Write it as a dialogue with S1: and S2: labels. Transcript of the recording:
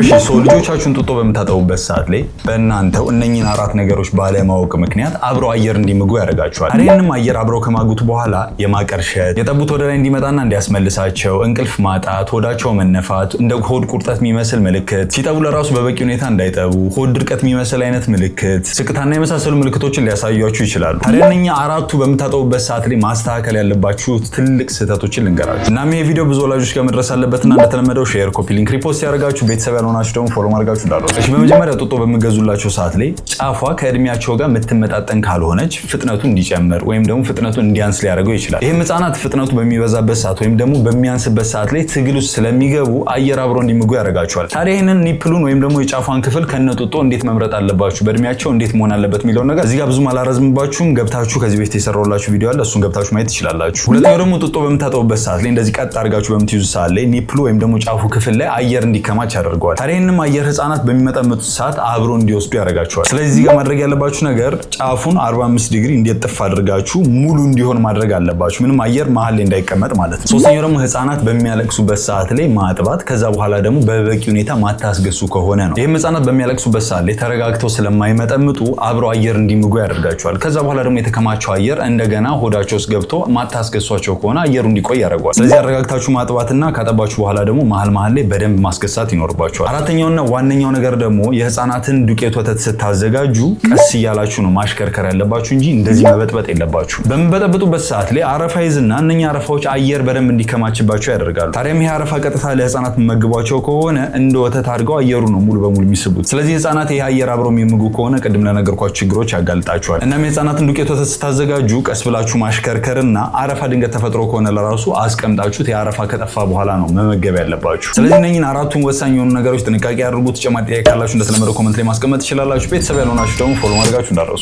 S1: እሺ ሶ ልጆቻችሁን ጡጦ በምታጠቡበት ሰዓት ላይ በእናንተው እነኝን አራት ነገሮች ባለማወቅ ምክንያት አብረው አየር እንዲምጉ ያደርጋቸዋል። ይህንም አየር አብረው ከማጉት በኋላ የማቀርሸት፣ የጠቡት ወደ ላይ እንዲመጣና እንዲያስመልሳቸው፣ እንቅልፍ ማጣት፣ ሆዳቸው መነፋት፣ እንደ ሆድ ቁርጠት የሚመስል ምልክት፣ ሲጠቡ ለራሱ በበቂ ሁኔታ እንዳይጠቡ፣ ሆድ ድርቀት የሚመስል አይነት ምልክት፣ ስቅታና የመሳሰሉ ምልክቶችን ሊያሳያችሁ ይችላሉ። ታዲያ እነኛ አራቱ በምታጠቡበት ሰዓት ላይ ማስተካከል ያለባችሁ ትልቅ ስህተቶችን ልንገራችሁ። እናም ይሄ ቪዲዮ ብዙ ወላጆች ጋር መድረስ አለበትና እንደተለመደው ሼር፣ ኮፒ ሊንክ፣ ሪፖስት ያደርጋችሁ ቤተሰብ ካልሆናችሁ ደግሞ ፎሎ ማድረጋችሁ እንዳለ። እሺ፣ በመጀመሪያ ጡጦ በሚገዙላቸው ሰዓት ላይ ጫፏ ከእድሜያቸው ጋር የምትመጣጠን ካልሆነች ፍጥነቱ እንዲጨምር ወይም ደግሞ ፍጥነቱ እንዲያንስ ሊያደርገው ይችላል። ይህም ህጻናት ፍጥነቱ በሚበዛበት ሰዓት ወይም ደግሞ በሚያንስበት ሰዓት ላይ ትግል ውስጥ ስለሚገቡ አየር አብሮ እንዲምጉ ያደርጋቸዋል። ታዲያ ይህንን ኒፕሉን ወይም ደግሞ የጫፏን ክፍል ከነ ጡጦ እንዴት መምረጥ አለባችሁ፣ በእድሜያቸው እንዴት መሆን አለበት የሚለውን ነገር እዚጋ ብዙም አላረዝምባችሁም። ገብታችሁ ከዚህ በፊት የሰራሁላችሁ ቪዲዮ አለ፣ እሱን ገብታችሁ ማየት ትችላላችሁ። ሁለተኛው ደግሞ ጡጦ በምታጠቡበት ሰዓት ላይ እንደዚህ ቀጥ አድርጋችሁ በምትይዙ ሰዓት ላይ ኒፕሉ ወይም ደግሞ ጫፉ ክፍል ላይ አየር እንዲከማች ያደርገዋል። ያደርገዋል። ታዲያንም አየር ህጻናት በሚመጠምጡት ሰዓት አብሮ እንዲወስዱ ያደርጋቸዋል። ስለዚህ ጋር ማድረግ ያለባችሁ ነገር ጫፉን 45 ዲግሪ እንዲጥፍ አድርጋችሁ ሙሉ እንዲሆን ማድረግ አለባችሁ። ምንም አየር መሀል ላይ እንዳይቀመጥ ማለት ነው። ሶስተኛው ደግሞ ህጻናት በሚያለቅሱበት ሰዓት ላይ ማጥባት፣ ከዛ በኋላ ደግሞ በበቂ ሁኔታ ማታስገሱ ከሆነ ነው። ይህም ህጻናት በሚያለቅሱበት ሰዓት ላይ ተረጋግተው ስለማይመጠምጡ አብሮ አየር እንዲምጉ ያደርጋቸዋል። ከዛ በኋላ ደግሞ የተከማቸው አየር እንደገና ሆዳቸው ውስጥ ገብቶ ማታስገሷቸው ከሆነ አየሩ እንዲቆይ ያደርገዋል። ስለዚህ አረጋግታችሁ ማጥባትና ካጠባችሁ በኋላ ደግሞ መሀል መሀል ላይ በደንብ ማስገሳት ይኖርባቸዋል። ይኖርባቸዋል። አራተኛውና ዋነኛው ነገር ደግሞ የህፃናትን ዱቄት ወተት ስታዘጋጁ ቀስ እያላችሁ ነው ማሽከርከር ያለባችሁ እንጂ እንደዚህ መበጥበጥ የለባችሁ። በምበጠበጡበት ሰዓት ላይ አረፋ ይዝና እነኛ አረፋዎች አየር በደንብ እንዲከማችባቸው ያደርጋሉ። ታዲያም ይህ አረፋ ቀጥታ ለህፃናት መግቧቸው ከሆነ እንደ ወተት አድርገው አየሩ ነው ሙሉ በሙሉ የሚስቡት። ስለዚህ ህፃናት ይህ አየር አብረው የሚምጉ ከሆነ ቅድም ለነገርኳቸው ችግሮች ያጋልጣቸዋል። እናም የህፃናትን ዱቄት ወተት ስታዘጋጁ ቀስ ብላችሁ ማሽከርከርና አረፋ ድንገት ተፈጥሮ ከሆነ ለራሱ አስቀምጣችሁት የአረፋ ከጠፋ በኋላ ነው መመገብ ያለባችሁ። ስለዚህ እነኝን አራቱን ወሳኝ የሆኑ ነገር ነገሮች ጥንቃቄ አድርጉ። ተጨማሪ ጥያቄ ካላችሁ እንደተለመደው ኮመንት ላይ ማስቀመጥ ትችላላችሁ። ቤተሰብ ያልሆናችሁ ደግሞ ፎሎ ማድረጋችሁ እንዳትረሱ።